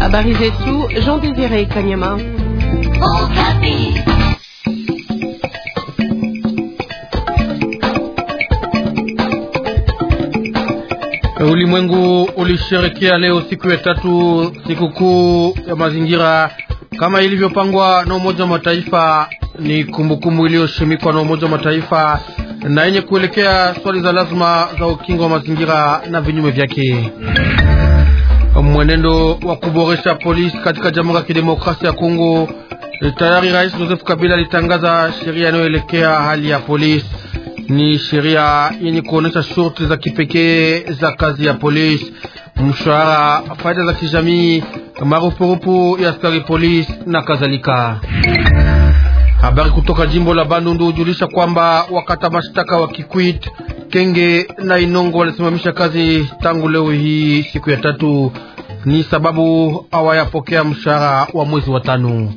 Habari zetu Jean Désiré Kanyama. Ulimwengu ulisherekea leo siku ya tatu sikukuu ya mazingira kama ilivyopangwa na Umoja wa Mataifa. Ni kumbukumbu iliyoshimikwa na Umoja wa Mataifa na yenye kuelekea swali za lazima za ukingo wa mazingira na vinyume vyake. Mwenendo wa kuboresha polisi katika Jamhuri ya Kidemokrasia ya Kongo, tayari Rais Joseph Kabila alitangaza sheria inayoelekea hali ya polisi. Ni sheria yenye kuonyesha shurti za kipekee za kazi ya polisi, mshahara, faida za kijamii, marupurupu ya askari polisi na kadhalika. Habari kutoka jimbo la Bandundu hujulisha kwamba wakata mashtaka wa Kikwit, Kenge na Inongo walisimamisha kazi tangu leo hii siku ya tatu, ni sababu hawayapokea mshahara wa mwezi wa tano.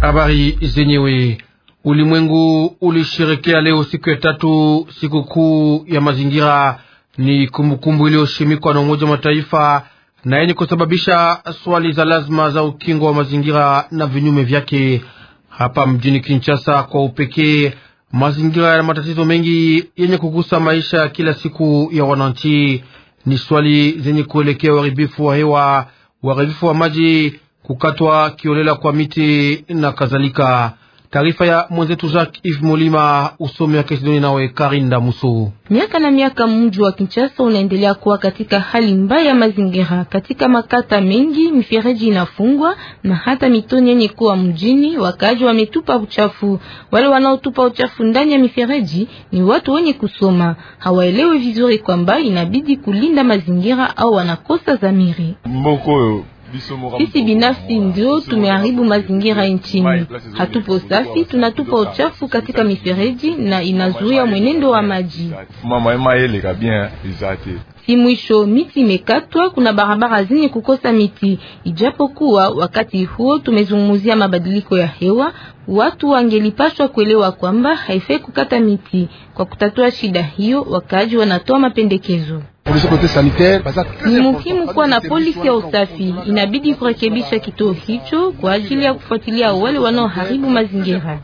Habari zenyewe Ulimwengu ulisherekea leo siku ya tatu sikukuu ya mazingira. Ni kumbukumbu iliyoshimikwa na Umoja wa Mataifa na yenye kusababisha swali za lazima za ukingo wa mazingira na vinyume vyake. Hapa mjini Kinshasa kwa upekee, mazingira yana matatizo mengi yenye kugusa maisha ya kila siku ya wananchi. Ni swali zenye kuelekea uharibifu wa hewa, uharibifu wa maji, kukatwa kiolela kwa miti na kadhalika. Taarifa ya mwenzetu Jacques Yves Molima, usomi wa Kesidoni nawe Karinda Muso. Miaka na miaka mji wa Kinshasa unaendelea kuwa katika hali mbaya ya mazingira. Katika makata mengi mifereji inafungwa na hata mitoni yenye kuwa mjini, wakaji wametupa uchafu. Wale wanaotupa uchafu ndani ya mifereji ni watu wenye kusoma, hawaelewi vizuri kwamba inabidi kulinda mazingira au wanakosa zamiri Mboko. Sisi binafsi ndio tumeharibu mazingira nchini. Hatupo safi, tunatupa uchafu katika mifereji na inazuia mwenendo wa maji. Si mwisho miti imekatwa, kuna barabara zenye kukosa miti. Ijapokuwa wakati huo tumezungumzia mabadiliko ya hewa, watu wangelipaswa kuelewa kwamba haifai kukata miti. Kwa kutatua shida hiyo, wakaaji wanatoa mapendekezo. Ni muhimu kuwa na polisi ya usafi. Inabidi kurekebisha kituo hicho kwa ajili ya kufuatilia wale wanaoharibu mazingira.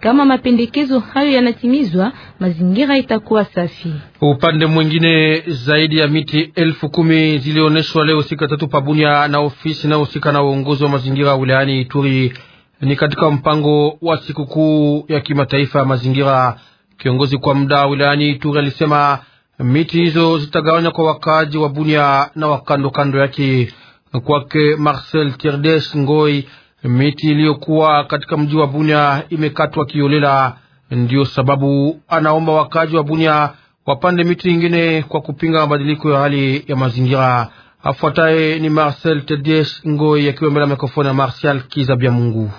Kama mapendekezo hayo yanatimizwa, mazingira itakuwa safi. Upande mwingine, zaidi ya miti elfu kumi zilioneshwa leo sika tatu pabunya na ofisi inayohusika na uongozi wa mazingira wilayani Ituri. Ni katika mpango wa sikukuu ya kimataifa ya mazingira. Kiongozi kwa muda wilayani Ituri alisema miti hizo zitagawanywa kwa wakaaji wa Bunia na wakandokando yake. Kwake Marcel Tirdes Ngoi Miti iliyokuwa katika mji wa Bunya imekatwa kiolela, ndiyo sababu anaomba wakaji wa Bunya wapande miti ingine kwa kupinga mabadiliko ya hali ya mazingira. Afuataye ni Marcel Tedies Ngoi akiwa mbele ya mikrofoni ya Martial Kizabia Mungu.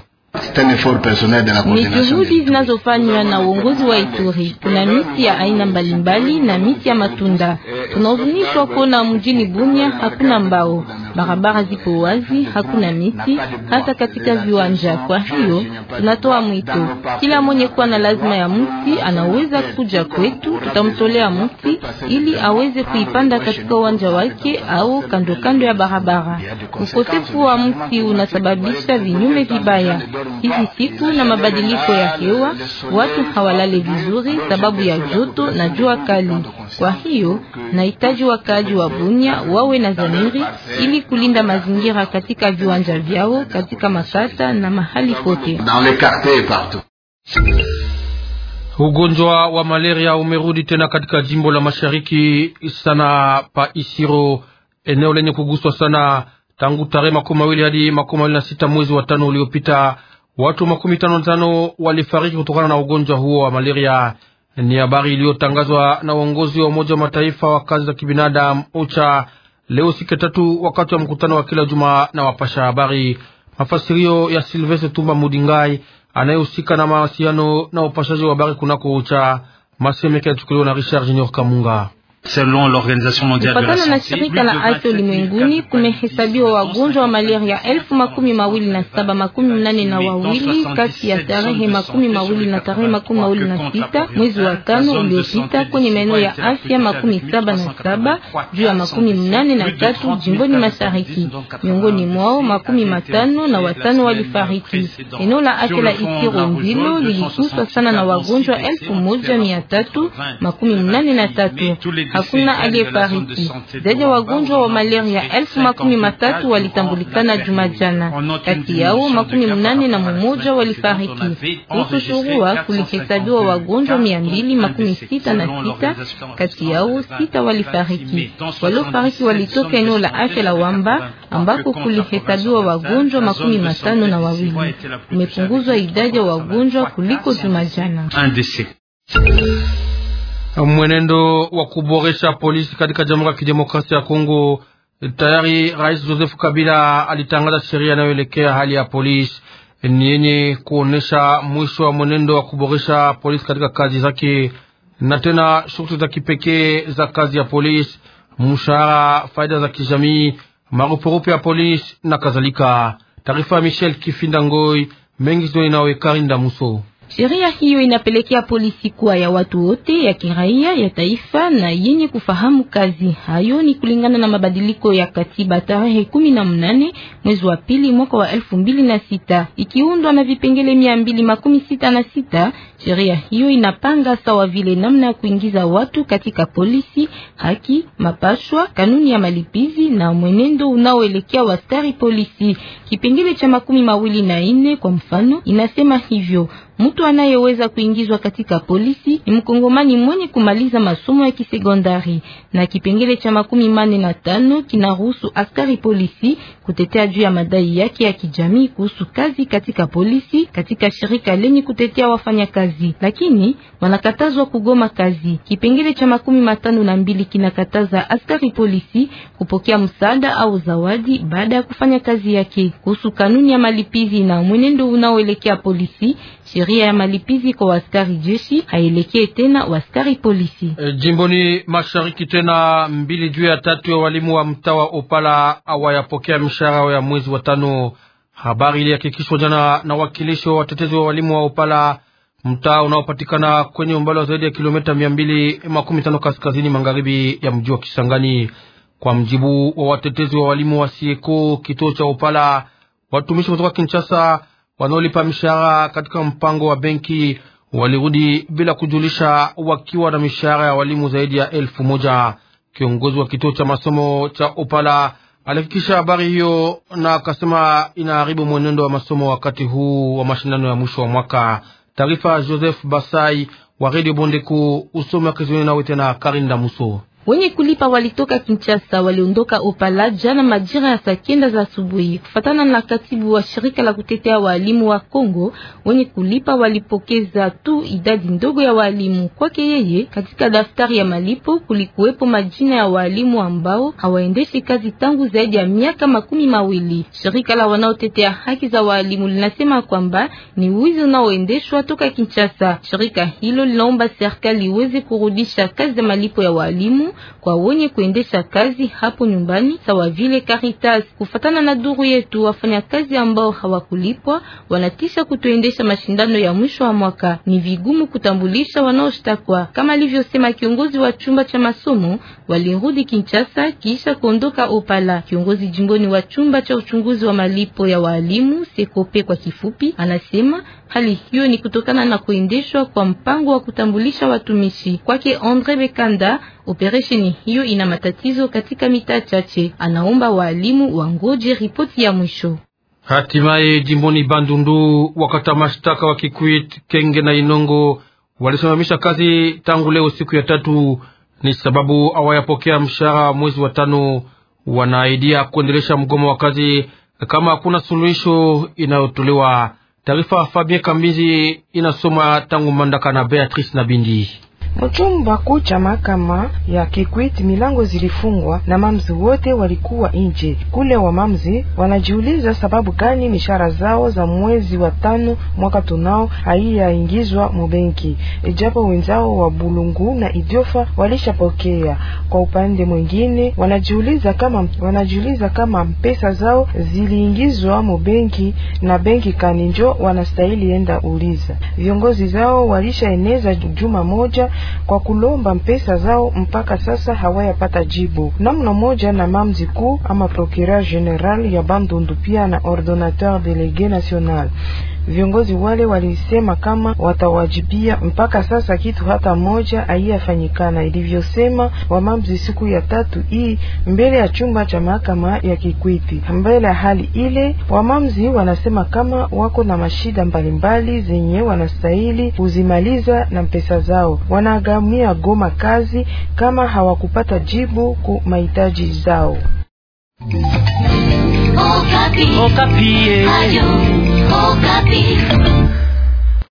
Ni juhudi zinazofanywa na uongozi wa Ituri. Kuna miti ya aina mbalimbali na miti ya matunda. Tunahuzunishwa kuona mjini bunya hakuna mbao barabara zipo wazi, hakuna miti hata katika viwanja. Kwa hiyo tunatoa mwito kila mwenye kuwa na lazima ya mti anaweza kuja kwetu, tutamtolea mti ili aweze kuipanda katika uwanja wake au kando kando ya barabara. Ukosefu wa mti unasababisha vinyume vibaya hizi siku na mabadiliko ya hewa, watu hawalale vizuri sababu ya joto na jua kali. Kwa hiyo nahitaji wakaaji wa Bunia wawe na zamiri ili kulinda mazingira katika viwanja vyao, katika Masasa na mahali pote. Ugonjwa wa malaria umerudi tena katika jimbo la mashariki sana pa Isiro, eneo lenye kuguswa sana tangu tarehe makumi mawili hadi makumi mawili na sita mwezi wa tano uliopita, watu makumi tano na tano walifariki kutokana na ugonjwa huo wa malaria. Ni habari iliyotangazwa na uongozi wa Umoja wa Mataifa wa kazi za kibinadamu OCHA leo siku ya tatu, wakati wa mkutano wa kila Jumaa na wapasha habari. Mafasirio ya Silvestre Tumba Mudingai anayehusika na mawasiliano na upashaji wa habari kunako OCHA. Masemeke yachukuliwa na Richard Junior Kamunga. Selon l'Organisation mondiale de la santé, na shirika la afya ulimwenguni kumehesabiwa wagonjwa wa malaria elfu makumi mawili na saba makumi mnane na wawili kati ya tarehe makumi mawili na tarehe makumi mawili na sita mwezi wa tano uliopita kwenye maeneo ya afya makumi saba na saba juu ya makumi mnane na tatu jimboni mashariki. Miongoni mwao makumi matano na watano walifariki. Eneo la afya la Itiro mbilo liliguswa sana na wagonjwa elfu moja mia tatu makumi mnane na tatu hakuna aliyefariki. Zaidi ya wagonjwa wa malaria elfu makumi matatu walitambulikana Jumajana, kati yao makumi mnane na mmoja walifariki. Kutushurua kulihesabiwa wagonjwa mia mbili makumi sita na sita, kati yao sita walifariki. Waliofariki walitoka eneo la afya la Wamba ambako kulihesabiwa wagonjwa makumi matano na wawili. Imepunguzwa idadi ya wagonjwa kuliko Jumajana mwenendo wa kuboresha polisi katika Jamhuri ya Kidemokrasia ya Kongo. Tayari Rais Joseph Kabila alitangaza sheria inayoelekea hali ya polisi ni yenye kuonesha mwisho wa mwenendo wa kuboresha polisi katika kazi zake na tena shughuli za kipekee za kazi ya polisi, mshahara, faida za kijamii, marupurupu ya polisi na kadhalika. Taarifa ya Michel Kifinda Ngoi mengi zoni nawe Karinda Muso. Sheria hiyo inapelekea polisi kuwa ya watu wote, ya kiraia, ya taifa na yenye kufahamu kazi. Hayo ni kulingana na mabadiliko ya katiba tarehe 18 mwezi wa pili mwaka wa 2006 ikiundwa na vipengele mia Sheria hiyo inapanga sawa vile namna ya kuingiza watu katika polisi, haki, mapashwa, kanuni ya malipizi na mwenendo unaoelekea waskari polisi. Kipengele cha makumi mawili na nne kwa mfano inasema hivyo Mtu anayeweza kuingizwa katika polisi ni mkongomani mwenye kumaliza masomo ya kisekondari, na kipengele cha makumi mane na tano kinaruhusu askari polisi kutetea juu ya madai yake ya kijamii kuhusu kazi katika polisi katika shirika lenye kutetea wafanyakazi, lakini wanakatazwa kugoma kazi. Kipengele cha makumi matano na mbili kinakataza askari polisi kupokea msaada au zawadi baada ya kufanya kazi yake. Kuhusu kanuni ya malipizi na mwenendo unaoelekea polisi sheria ya malipizi kwa waskari jeshi haielekee tena waskari polisi. E, jimboni mashariki tena mbili juu ya tatu ya walimu wa mtaa wa Opala hawayapokea mishahara ya mwezi wa tano. Habari ilihakikishwa jana na wakilishi wa watetezi wa walimu wa Opala, mtaa unaopatikana kwenye umbali wa zaidi ya kilomita mia mbili makumi tano kaskazini magharibi ya mji wa Kisangani. Kwa mjibu wa watetezi wa walimu wa Sieko, kituo cha Opala, watumishi kutoka Kinshasa wanaolipa mishahara katika mpango wa benki walirudi bila kujulisha wakiwa na mishahara ya walimu zaidi ya elfu moja. Kiongozi wa kituo cha masomo cha Opala alifikisha habari hiyo na akasema inaharibu mwenendo wa masomo wakati huu wa mashindano ya mwisho wa mwaka. Taarifa Joseph Basai wa redio Bondeku, usome akizweni nawe tena Karinda Muso. Wenye kulipa walitoka Kinshasa, waliondoka Opala jana majira ya saa kenda za asubuhi. Kufatana na katibu wa shirika la kutetea walimu wa Kongo, wenye kulipa walipokeza tu idadi ndogo ya walimu. Kwake yeye, katika daftari ya malipo kulikuwepo majina ya walimu ambao hawaendeshi kazi tangu zaidi ya miaka makumi mawili. Shirika la wanaotetea haki za walimu linasema kwamba ni wizi unaoendeshwa toka Kinshasa. Shirika hilo linaomba serikali iweze kurudisha kazi za malipo ya walimu kwa wenye kuendesha kazi hapo nyumbani sawa vile Caritas. Kufatana na duru yetu, wafanya kazi ambao hawakulipwa wanatisha kutuendesha mashindano ya mwisho wa mwaka. Ni vigumu kutambulisha wanaoshtakwa, kama alivyosema kiongozi wa chumba cha masomo. Walirudi Kinshasa kisha kuondoka Opala. Kiongozi jimboni wa chumba cha uchunguzi wa malipo ya waalimu Sekope kwa kifupi, anasema hali hiyo ni kutokana na kuendeshwa kwa mpango wa kutambulisha watumishi kwake Andre Bekanda Operesheni hiyo ina matatizo katika mitaa chache. Anaomba waalimu wangoje ripoti ya mwisho. Hatimaye jimboni Bandundu, wakata mashtaka wa Kikwit, Kenge na Inongo walisimamisha kazi tangu leo siku ya tatu, ni sababu hawayapokea mshahara mwezi wa tano. Wanaaidia kuendelesha mgomo wa kazi kama hakuna suluhisho inayotolewa. Taarifa Fabien Kambizi inasoma tangu Mandaka na Beatrice na Bindi. Mchumba kuu cha mahakama ya Kikwit milango zilifungwa na mamzi wote walikuwa nje. Kule wa mamzi wanajiuliza sababu gani mishahara zao za mwezi wa tano mwaka tunao haiyaingizwa mubenki, ijapo wenzao wa Bulungu na Idiofa walishapokea. Kwa upande mwingine wanajiuliza kama, wanajiuliza kama pesa zao ziliingizwa mubenki na benki kani njo wanastahili enda uliza. Viongozi zao walishaeneza juma moja kwa kulomba mpesa zao, mpaka sasa hawayapata jibu namna moja. Na mamzi kuu ama procureur general ya Bandundu pia na ordonateur delege national Viongozi wale walisema kama watawajibia. Mpaka sasa kitu hata moja haiyafanyikana ilivyosema wamamzi siku ya tatu hii mbele ya chumba cha mahakama ya Kikwiti. Mbele ya hali ile, wamamzi wanasema kama wako na mashida mbalimbali zenye wanastahili kuzimaliza na pesa zao. Wanagamia goma kazi kama hawakupata jibu ku mahitaji zao. Okapi. Okapi. Eh. Oh, baby.